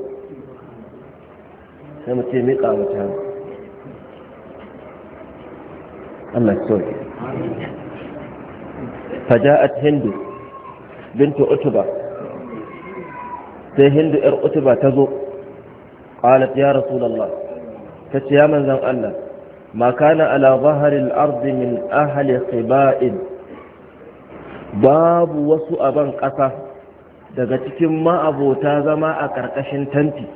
sai mu ce mai ƙawata Allah ya soke faja'at hindu bintu utuba sai hindu yar utuba ta zo qalat ya rasulullah ta ce ya manzon Allah ما كان على ظهر الأرض من أهل قبائل babu wasu aban ƙasa daga cikin ma'abota zama a ƙarƙashin tanti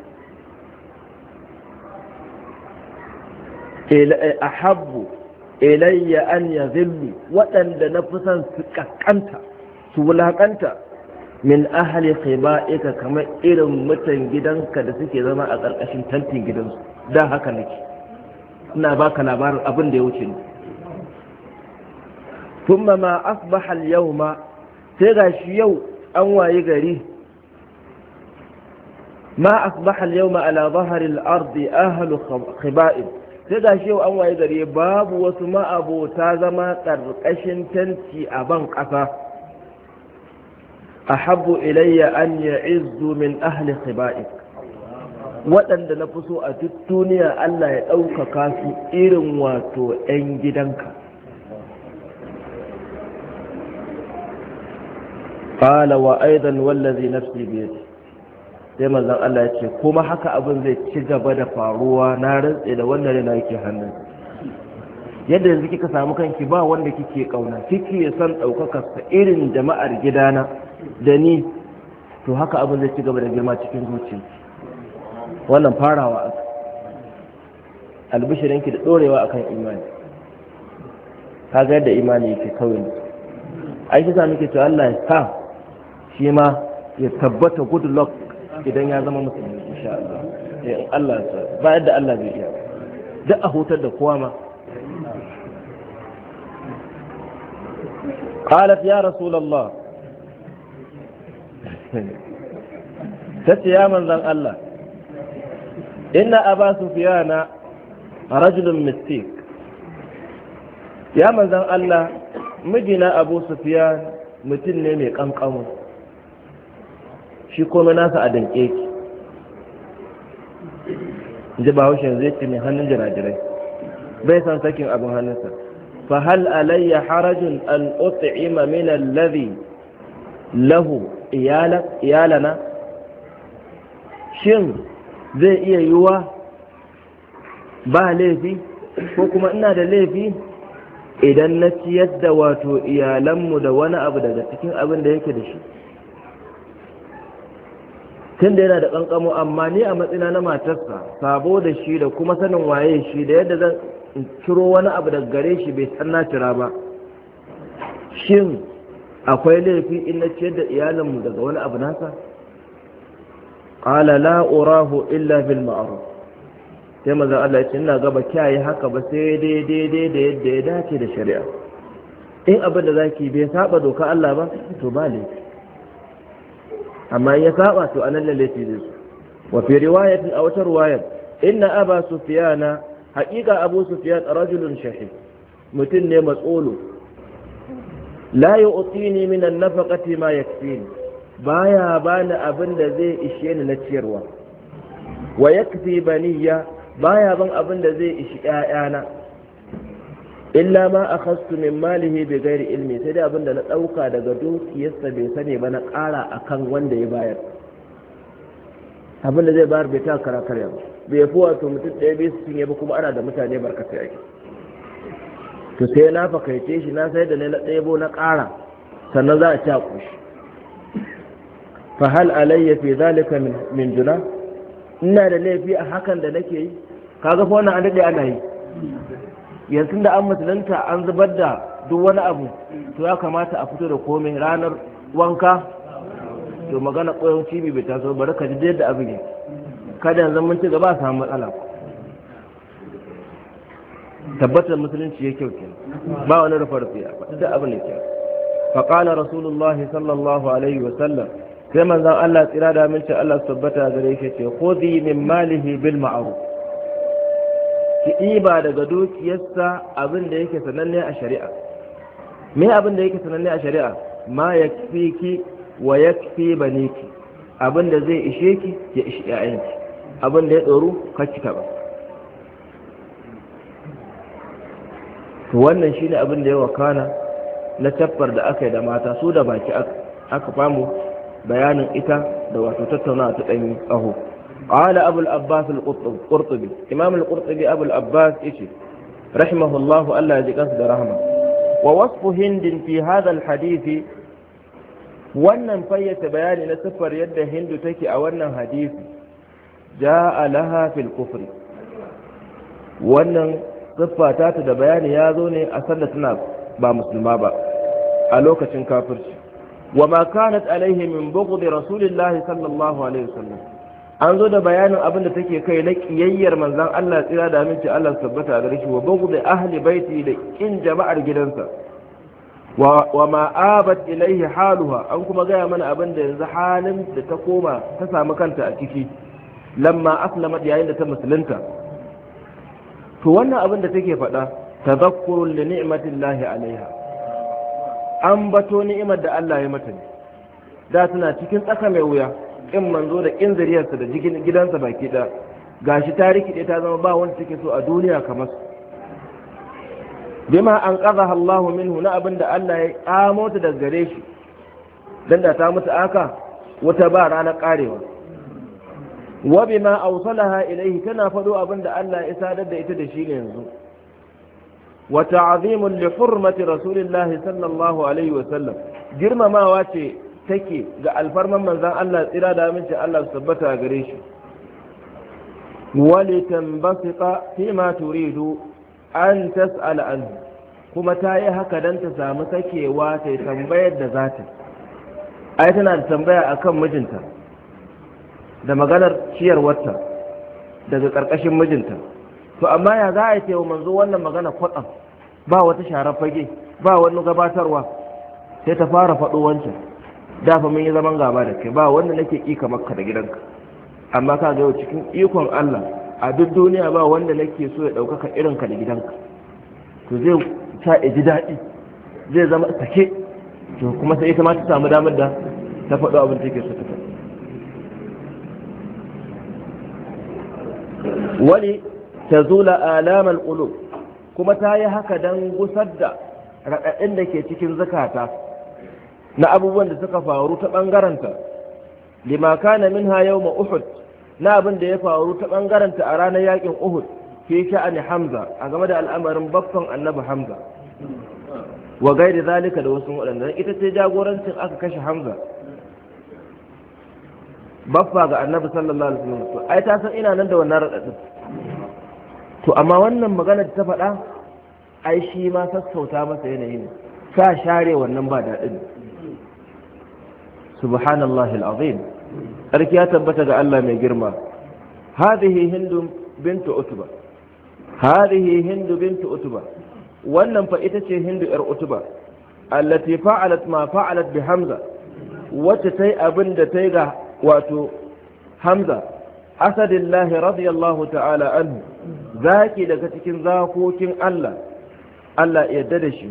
a Habu, ilayya an ya zillu waɗanda na fi son su ƙaƙƙanta su wulaƙanta min ahali khiba'ika kamar irin mutan gidanka da suke zama a ƙarƙashin tantin gidansu da haka nake ina baka labarin abin da ya wuce ni ma asbaha al-yawma sai yau an waye gari ma asbaha ala ardi ahlu khiba'in sai yau an waye gari babu wasu ma'abota zama karkashin tanti a ban kasa ahabbu ilayya an ya'izzu min ahli khiba'ik waɗanda na fi so a duk duniya Allah ya ɗaukaka su irin wato 'yan gidanka ƙala wa aidan wallazi nafsi biyar. sai Allah ya ce kuma haka abin zai ci gaba da faruwa na rantse da wannan rina yake hannun yadda yanzu kika samu kanki ba wanda kike kauna kike san ɗaukakarsa irin jama'ar gidana da ni to haka abin zai ci gaba da girma cikin zuciya wannan farawa aka albishirinki da ɗorewa akan imani ka ga yadda imani yake kawai ne ai shi sami ke Allah ya sa shi ma ya tabbata good luck idan ya zama musulmi insha Allah eh, in Allah ya sa ba yadda Allah zai iya duk a hutar da kowa ma قالت يا رسول الله تتي يا من ذن الله inna aba sufiyana na mistik ya manzan Allah mijina abu sufiyan mutum ne mai kankamo shi komai nasa a danke ki ji ba haushe zai ce mai hannun jirajirai bai san sakin abin hannunsa fa hal alayya harajun an ut'ima min lahu iyalana shin zai iya yiwuwa ba laifi ko kuma ina da laifi idan na ciyar da wato iyalanmu da wani abu daga cikin abin da yake da shi tun da yana da ƙanƙamo amma ni a matsina na matarsa sabo da shi da kuma sanin waye shi da yadda zan ciro wani abu daga gare shi bai san na cira ba shin akwai laifi in na ciyar da iyalanmu daga wani abu nasa qala la urahu illa bil ma'ruf sai manzon Allah ya ce ina gaba kiyaye haka ba sai dai dai da yadda ya dace da shari'a in abin da zaki bai saba doka Allah ba to ba ne. amma ya saba to anan laifi zai wa fi riwayatin a wata riwayar inna aba na, haqiqa abu sufyan rajulun shahid mutum ne matsolo la yu'tini min an-nafaqati ma yakfini baya bani abin da zai ishe ni na ciyarwa wa yakfi baniya baya ban abin da zai ishi ƴaƴana illa ma akhastu min malihi bi ghairi ilmi sai dai abin da na dauka daga dukiyarsa bai sani ba na ƙara akan wanda ya bayar abin da zai bayar bai ta karakar ba bai fi wato mutum ɗaya bai su ba kuma ana da mutane barkatai ake to sai na fakaice shi na sai da na ɗebo na ƙara sannan za a ci a ƙoshi fa hal alayya fi zalika min juna ina da laifi a hakan da nake yi kaga fa wannan an dade ana yi yanzu da an musulunta an zubar da duk wani abu to ya kamata a fito da komai ranar wanka to magana koyon cibi bai taso bari ka ji da abin yake kada yanzu mun ci gaba a samu matsala tabbatar musulunci ya kyau kenan ba wani rufar rufe a da abin da fa qala rasulullahi sallallahu alaihi wa sallam sai manzan Allah tsira da aminci Allah su tabbata gare shi ce khudhi min malihi bil ma'ruf ki ɗiba daga dukiyarsa abin da yake sananne a shari'a me abin da yake sananne a shari'a ma ki, wa yakfi baniki abin da zai ishe ki ya ishi ƴaƴanki abin da ya tsoro kacci ka ba wannan shine abin da ya wakana na tabbar da aka yi da mata su da baki aka famu bayanin ita da wato tattaunawa ta ɗanyi ƙaho imam أبو الأباس القرطبي إمام القرطبي أبو الأباس إيشي رحمه الله ألا يجيكس رحمة ووصف هند في هذا hadithi wannan fayyace bayani na siffar yadda hindu take a wannan hadisi ja'a laha fil kufri wannan siffa ta da bayani ya zo ne a sanda tana ba musulma ba a lokacin kafirci wa ma kanat alaihi min bughd rasulillahi sallallahu alaihi wasallam an zo da bayanin abin da take kai na kiyayyar manzan Allah tsira da aminci Allah tabbata da shi wa bughd ahli baiti da kin jama'ar gidansa wa ma abat ilaihi haluha an kuma gaya mana abin da yanzu halin da ta koma ta samu kanta a ciki lamma aslamat yayin da ta musulunta to wannan abin da take faɗa tadhakkurun li ni'matillahi alaiha an bato ni'imar da Allah ya mata ne da tana cikin tsaka mai wuya in manzo da in zariyarsa da gidansa baki da gashi ta rikide ta zama ba wanda take so a duniya kamar su bima an qadha Allahu minhu na abinda Allah ya kamo ta daga gare shi dan da ta mutu aka wata ba rana karewa wa bima awsalaha ilayhi tana fado abinda Allah ya sadar da ita da shi ne yanzu وتعظيم لحرمة رسول الله صلى الله عليه وسلم جرم ما واتي تكي ga alfarman manzan Allah tsira da aminci Allah su a gare shi wali tambasita fi ma turidu an tas'al an kuma ta yi haka dan ta samu sakewa ta tambayar da za ta ai tana da tambaya a kan mijinta da maganar ciyarwarta daga ƙarƙashin mijinta to amma ya za a yi wa manzo wannan magana kwatsam ba wata sharar fage ba wani gabatarwa sai ta fara faɗo wancan dafa mun yi zaman gaba da kai ba wanda nake ƙi kamar da gidanka amma ka ga cikin ikon Allah a duk duniya ba wanda nake so ya ɗaukaka irin ka da gidanka to zai ta ji daɗi zai zama take, to kuma sai ita ma ta samu damar da ta faɗo abin da take so ta wani tazula alamar qulub kuma ta yi haka don gusar da raɗaɗin da ke cikin zukata na abubuwan da suka faru ta ɓangaranta lima kana minha yawma uhud na abin da ya faru ta ɓangaranta a ranar yakin uhud fi sha'ani hamza a game da al'amarin baffan annabi hamza wa gaida zalika da wasu waɗanda ita ce jagorancin aka kashe hamza baffa ga annabi sallallahu alaihi wasallam ai ta san ina nan da wannan radadin to amma wannan magana da ta faɗa ai shi ma sassauta masa yanayin sa share wannan ba daɗin subhanallah al'azim sarki ya tabbata ga Allah mai girma hadhihi hindu bintu utuba. hadhihi hindu bintu utuba. wannan fa ita ce hindu yar utuba. allati fa'alat ma fa'alat bi hamza wacce tai abin da tai ga wato hamza asadillahi radiyallahu ta'ala anhu zaki daga cikin zakokin Allah Allah yadda yarda da shi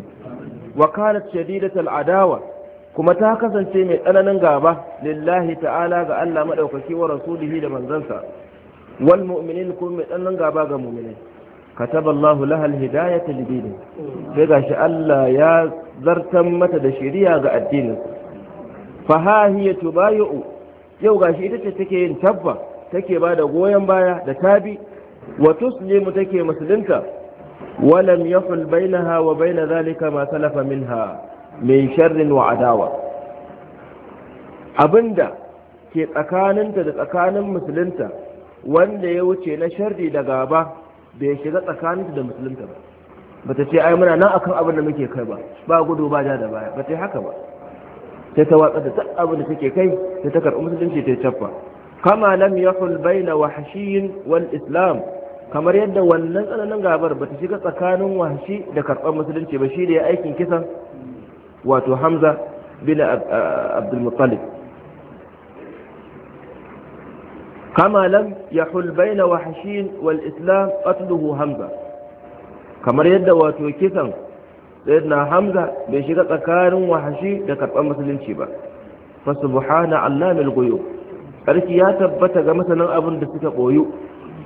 wa kanat shadidatul adawa kuma ta kasance mai tsananin gaba lillahi ta'ala ga Allah madaukaki wa rasulihi da manzansa wal mu'minin kuma mai tsananin gaba ga mu'minai كتب Allah ya zartan mata da ألا ga addinin دشيريا غا الدين فها هي تبايع ita ce take yin tabba. take ba da goyon baya da tabi wa tuslimu take musulunta walam yaful bainaha wa baina zalika ma salafa minha min sharrin wa adawa abinda ke tsakaninta da tsakanin musulunta wanda ya wuce na sharri da gaba bai shiga tsakaninta da musulunta ba bata ce ai muna nan akan abin da muke kai ba ba gudu ba da baya bata haka ba sai ta watsa da duk abin da take kai sai ta karɓi musulunci ta caffa kama lam yahul baina wahshiyin wal islam kamar yadda wannan tsananin gabar bata shiga tsakanin wahshi da karɓar musulunci ba shi da ya aikin kisan wato hamza bin abdul abdulmuttalib kama lam yahul baina wahshiyin wal islam qatluhu hamza kamar yadda wato kisan sayyidina hamza bai shiga tsakanin wahashi da karɓar musulunci ba fa subhana allamil ghuyub sarki ya tabbata ga masanin abin da suka boyu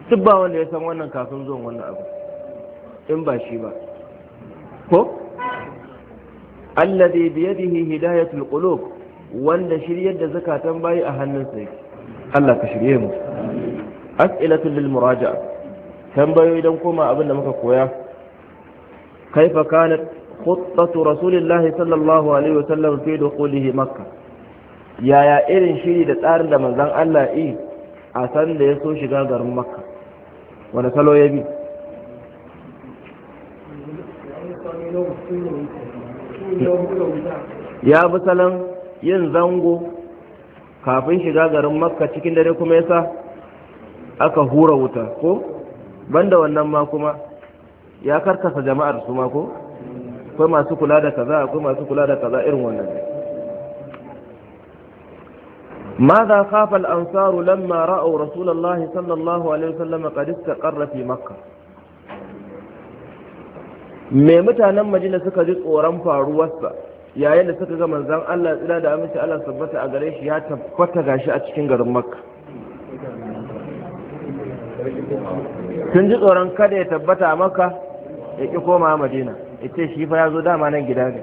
duk ba wanda ya san wannan kafin zuwan wannan abu in ba shi ba ko alladhi bi yadihi hidayatul qulub wanda shiryar da zakatan bayi a hannunsa yake Allah ka shirye mu as'ilatul lil muraja'a tambayoyi dan koma abin da muka koya kaifa kanat khuttatu rasulillahi sallallahu alaihi wasallam fi dukhulihi makkah yaya irin shiri da tsarin da manzan Allah yi a san da ya so shiga garin makka wani salo ya bi ya bi salon yin zango kafin shiga garin makka cikin dare kuma yasa aka hura wuta ko banda wannan ma kuma ya karkasa jama'ar su ma ko masu kula da kaza akwai masu kula da kaza irin wannan ماذا خاف الأنصار لما رأوا رسول الله صلى الله عليه وسلم قد استقر في مكة me mutanen madina suka ji tsoron faruwarsa yayin da suka ga manzan Allah tsira da aminci Allah tabbata a gare shi ya tabbata gashi a cikin garin Makka sun ji tsoron kada ya tabbata a Makka ya ki koma Madina ya ce shi fa ya zo dama nan gida ne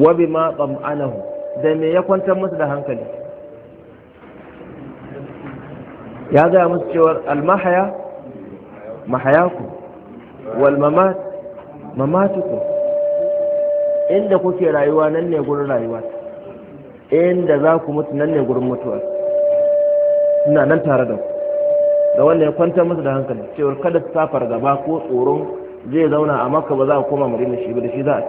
wa bima tsam'anahu da me ya kwantar musu da hankali ya gaya musu cewar almahaya mahayaku wal mamatuku inda kuke rayuwa nan ne gurin rayuwa inda za ku mutu nan ne gurin mutuwa suna nan tare da ku da wanda ya kwantar musu da hankali cewar kada su safar gaba ko tsoron zai zauna a maka ba za a koma madina shi ba da shi za a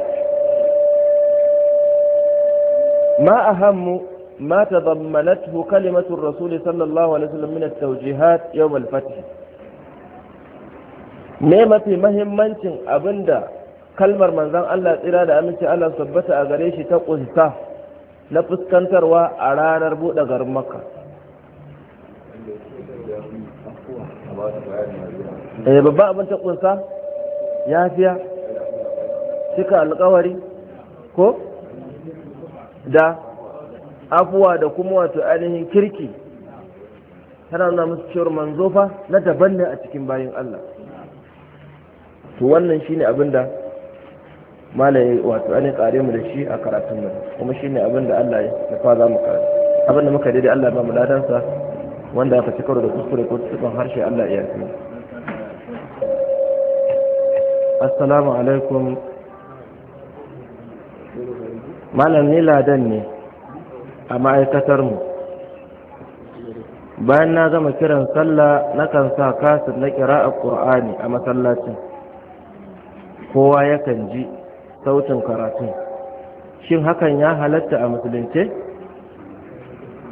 ما أهم ما تضمنته كلمة الرسول صلى الله عليه وسلم من التوجيهات يوم الفتح ne mafi mahimmancin abinda kalmar manzan Allah tsira da aminci Allah tabbata a gare shi ta ƙunsa na fuskantarwa a ranar buɗe garin maka babban abin ta ƙunsa ya fiya cika alƙawari ko da afuwa da kuma wato ainihin kirki tana nuna musu cewar manzo fa na daban ne a cikin bayin Allah to wannan shine abin da malai wato ainihin kare mu da shi a karatun mu kuma shine abin da Allah ya fa za mu karatu abin da muka da Allah ya ba mu ladansa wanda aka fice karo da kuskure ko cikin harshe Allah ya yi assalamu alaikum malam ni ladan ne a ma'aikatar mu bayan na gama kiran sallah na kan sa kasir na kira a ƙur'ani a masallacin kowa yakan ji sautin karatun shin hakan ya halatta a musulunce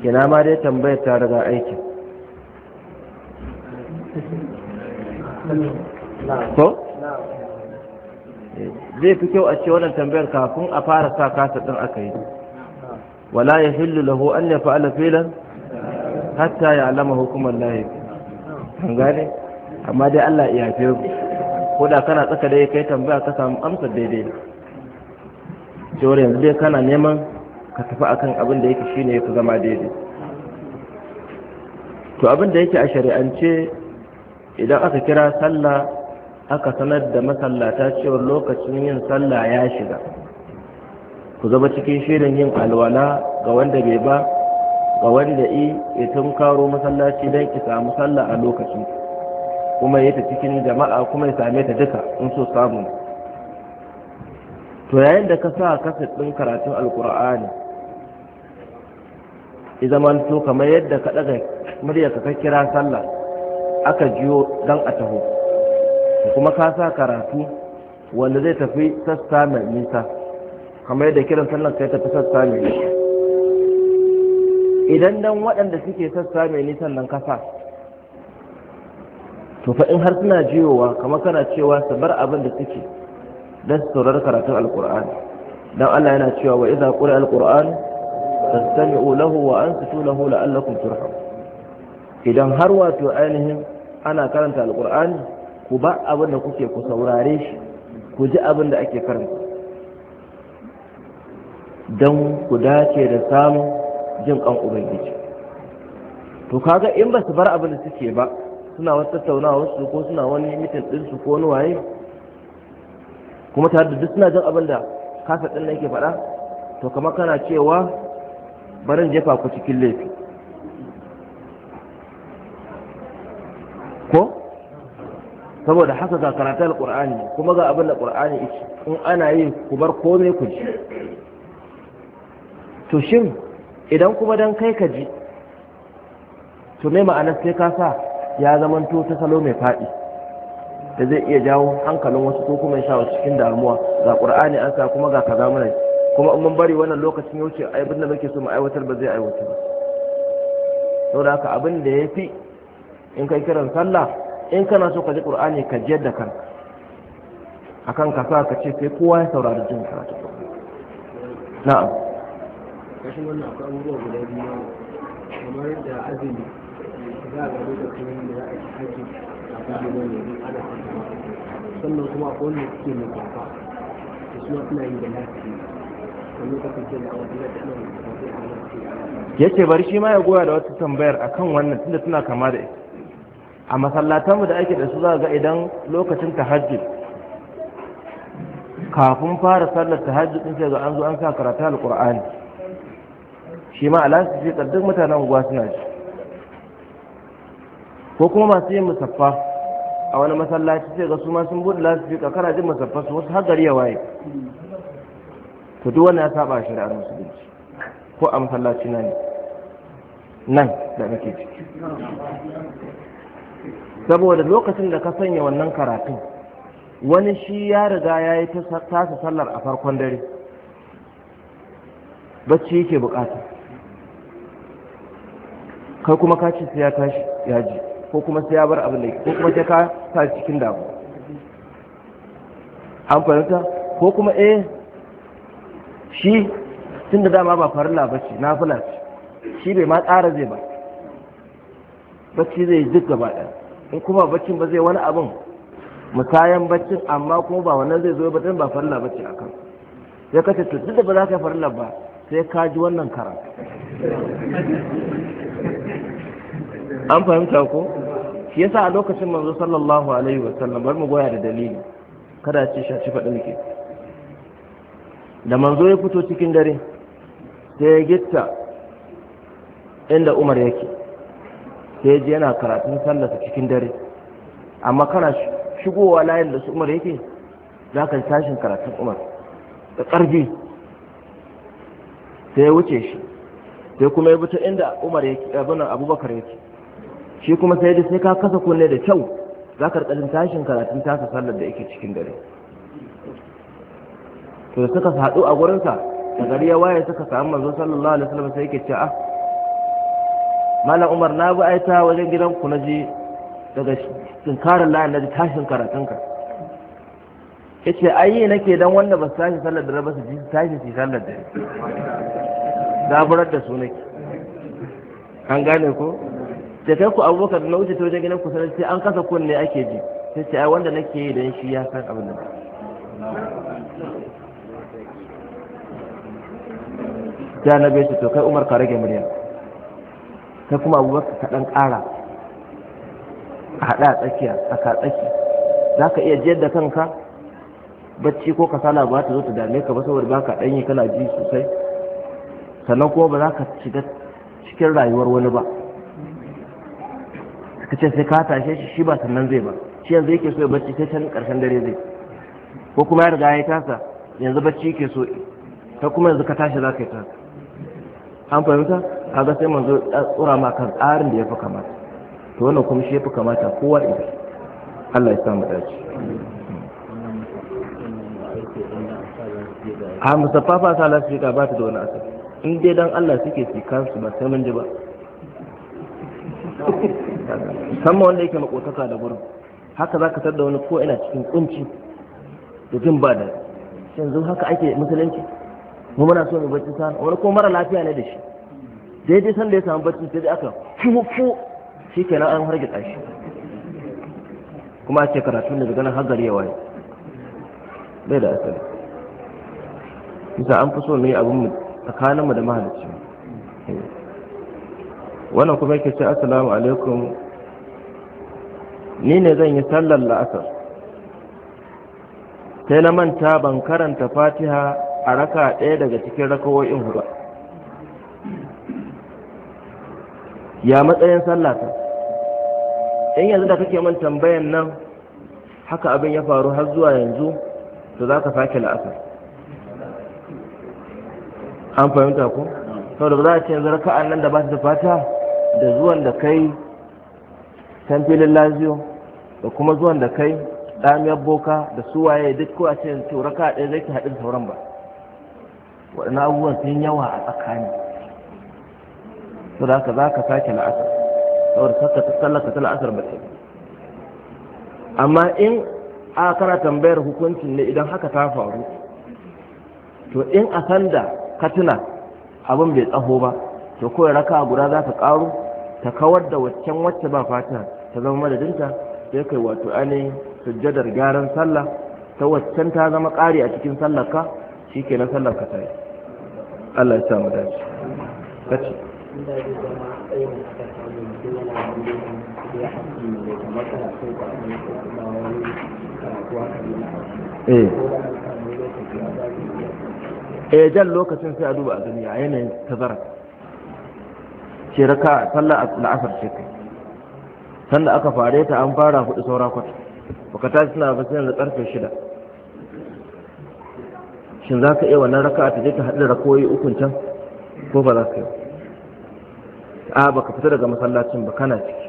kina ma dai tambaya ta daga aiki ko zai fi kyau a ce wannan tambayar kafin a fara sa kasa din aka yi wala ya hillu lahu an ya fa'ala filan hatta ya alama hukumar lahi an gane amma dai Allah ya yafe ku ko da kana tsaka dai kai tambaya ka samu amsa daidai jore yanzu dai kana neman ka tafi akan abin da yake shine ya zama daidai to abin da yake a shari'ance idan aka kira sallah aka sanar da masallata cewa lokacin yin sallah ya shiga ku zama cikin shirin yin alwala ga wanda bai ba ga wanda i ya tunkaro masallaci don ki samu sallah a lokacin kuma ya ta cikin jama'a kuma ya same ta duka in so samu to yayin da ka sa kaset ɗin karatun alkur'ani ya zama to kamar yadda ka ɗaga murya ka kira sallah aka jiyo don a taho kuma ka sa karatu wanda zai tafi sassa mai nisa kamar yadda kiran sallan kai tafi sassa mai nisa idan dan waɗanda suke sassa mai nisan nan kasa to fa in har suna jiyowa kamar kana cewa su bar abin da suke don su saurari karatun alkur'ani don allah yana cewa wa iza ƙuri alkur'ani fastami'u lahu wa ansitu lahu la'allakum turham idan har wato ainihin ana karanta alkur'ani ku ba abin da kuke ku saurare shi ku ji abin da ake karanta don ku dace da samun jin kan ubangiji to kaga in ba su bar abin da suke ba suna wata tattaunawa wasu ko suna wani mitin ɗinsu ko wani waye kuma tare da duk suna jin abin da kasa ɗin nan yake faɗa to kama kana cewa barin jefa ku cikin laifi saboda haka ga karatu alqur'ani kuma ga abin da qur'ani yake in ana yi ku bar komai ku ji to shin idan kuma dan kai ka ji to ne ma'anar sai ka sa ya zamanto ta salo mai faɗi da zai iya jawo hankalin wasu ko kuma sha wasu cikin damuwa ga qur'ani an sa kuma ga kaza mana kuma in mun bari wannan lokacin ya wuce abin da muke so mu aiwatar ba zai aiwatar ba saboda haka abin da ya fi in kai kiran sallah in kana so ka ji ƙur'ani ka ji yadda kanka akan ka sa ka ce sai kowa ya saurari jin karatu na'am kashin wannan akwai abubuwa guda biyu kamar da azumi za a gado da kuma yadda za a ci haji a kuma wani yanzu ana sannan kuma a wanda suke mai kwafa da suna suna yi da lafiya wani lokacin ke da awon da ana da kwafa a lafiya ya ce bari shi ma ya goya da wata tambayar akan wannan tunda suna kama da ita a masallatanmu da ake da su za ga idan lokacin tahajjud kafin fara sallar tahajjud din sai ga an zo an sa karatu alqur'ani shi ma alasu ce duk mutanen unguwa suna ji ko kuma masu yin musaffa a wani masallaci sai ga su ma sun bude lasu ce kana jin musaffa su wasu har ya waye to duk wannan ya saba shari'ar musulunci ko a masallaci na ne nan da nake ciki saboda lokacin da ka sanya wannan karatun wani shi ya riga ya yi tasa sallar a farkon dare bacci yake bukata kai kuma ka ce sai ya tashi ya ji ko kuma sai ya bar abin da ko kuma sai ka sa cikin damu an fahimta ko kuma eh shi tun da dama ba farilla ba ce na fula ce shi bai ma tsara zai ba bacci zai duk gaba ɗaya in kuma baccin ba zai wani abin musayan baccin amma kuma ba wannan zai zo ba dan ba farilla bacci akan sai ka ce duk da ba za ka farilla ba sai ka ji wannan karan an fahimta ko shi yasa a lokacin manzo sallallahu alaihi wa sallam bar mu goya da dalili kada ce shaci fadin ke da manzo ya fito cikin dare sai ya gitta inda umar yake sai ji yana karatun sallarsa cikin dare amma kana shigowa layin da su umar yake za ka tashin karatun umar da ƙarfi sai ya wuce shi sai kuma ya bi ta inda umar yake abin abubakar yake shi kuma sai ji sai ka kasa kunne da kyau za ka rikajin tashin karatun tasa sallar da yake cikin dare to da suka haɗu a gurinsa da gari ya waye suka samu manzo sallallahu alaihi wasallam sai yake ce ah malam umar na bi aita wajen ku na je daga tsinkarin layin na ji tashin karatunka ya ce ayi nake dan wanda ba su tashi sallar da ba su ji tashi su sallar da zaburar da su nake an gane ko da kai ku abubakar na wuce ta wajen gidan ku sai an kasa kunne ake ji sai ce ai wanda nake yi dan shi ya san abin da ya na bai to kai umar ka rage murya kai kuma abubakar ka ɗan ƙara a haɗa tsakiya a ka tsaki za ka iya jiyar da kanka bacci ko kasala ba ta zo ta dame ka ba saboda ba ka ɗanyi kana ji sosai sannan kuma ba za ka shiga cikin rayuwar wani ba ka ce sai ka tashe shi shi ba sannan zai ba shi yanzu yake so ya bacci sai can ƙarshen dare zai ko kuma ya riga ya tasa yanzu bacci yake so ta kuma yanzu ka tashi za ka yi tasa an fahimta kaga sai manzo ya tsura ma kan tsarin da ya fi kamata to wannan kuma shi ya fi kamata kowa idan Allah ya samu dace a musaffafa sa lafiya ba ta da wani asali in dai dan Allah suke su kansu ba sai mun ji ba musamman wanda yake makotaka da gurin haka za ka da wani ko ina cikin kunci da jin ba da yanzu haka ake musulunci mu muna so mu bacci sana wani ko mara lafiya ne da shi daidai sanda ya samu bacci sai aka fufu shi ke an harge shi kuma ce karatu ne daga nan hagar yawa ne bai da asali bisa an fi so ne abin mu tsakaninmu da mahalicci wannan kuma yake ce assalamu alaikum ni ne zan yi sallar la'asar sai na manta ban karanta fatiha a raka ɗaya daga cikin rakawoyin ba ya matsayin sallah ta in yanzu da kake man tambayan nan haka abin ya faru har zuwa yanzu to za ka sake la'asar an fahimta ko saboda da za a ce yanzu raka'an nan da ba su fata da zuwan da kai can filin laziyo da kuma zuwan da kai ɗamiyar boka da suwaye duk ko a ce to raka ɗaya zai ki haɗin sauran ba waɗannan abubuwan sun yawa a tsakani to da haka za ka sake la'asar saboda saka ta sallaka ta la'asar ba amma in a kana tambayar hukuncin ne idan haka ta faru to in a sanda ka tuna abin bai tsaho ba to kawai raka guda za ta ƙaru ta kawar da waccan wacce ba fata ta zama madadinta sai kai wato ainihin sujjadar gyaran sallah ta waccan ta zama ƙari a cikin sallarka shi ke na sallarka ta yi Allah ya sami dace. kaci. inda eh. eh jan lokacin sai a duba a gani a yanayin tazara ce raka sallar la'asar ce kai sanda aka fare an fara hudu saura kwata baka suna ba sai da karfe shida shin za ka iya wannan raka ta je ta haɗu da rakoyi can ko ba za ka a baka fita daga masallacin ba kana ciki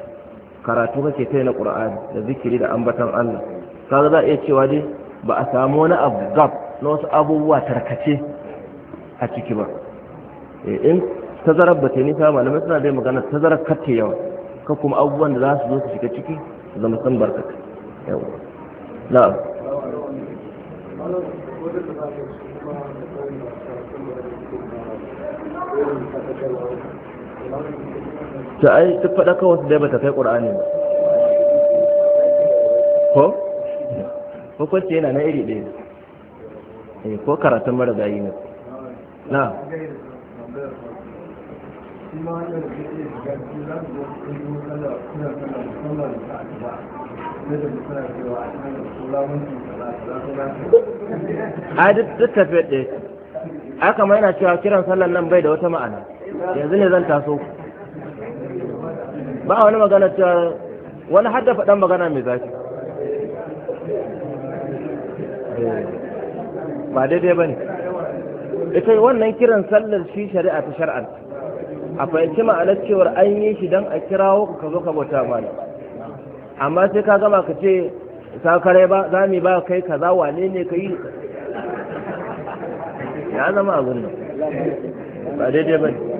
karatu kake kai na qur'ani da zikiri da ambatan Allah kaga za a iya cewa dai ba a samu wani abu gab na wasu abubuwa tarkace a ciki ba eh, in tazarar ba ta nisa malamai suna dai magana tazarar katte yawa ka kuma abubuwan da za su zo su shiga ciki zama san barka yawa na'am Thank you. ta ai duk faɗa kawai dai bata kai ƙura'ani ba ko hukunci yana na iri ɗaya ne eh, ko karatun marigayi ne na ai duk tafiya ɗaya aka mai na cewa kiran sallan nan bai da wata ma'ana yanzu ne zan taso ku ba wani magana ta wani hada faɗan magana mai zafi eh, ba daidai ba ne ita wannan kiran sallar shi shari'a ta shari'ar a fahimci ma'anar cewar an yi shi don a kirawo ka zo ka bauta mana amma sai ka gama ka ce sakarai ba za mu ba kai kaza wane ne ka yi ya zama abin nan ba daidai ba ne